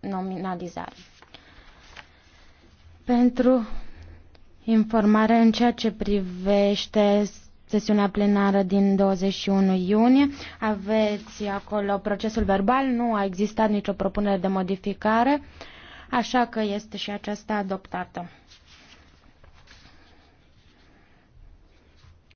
nominalizare. Pentru informare în ceea ce privește sesiunea plenară din 21 iunie. Aveți acolo procesul verbal, nu a existat nicio propunere de modificare, așa că este și aceasta adoptată.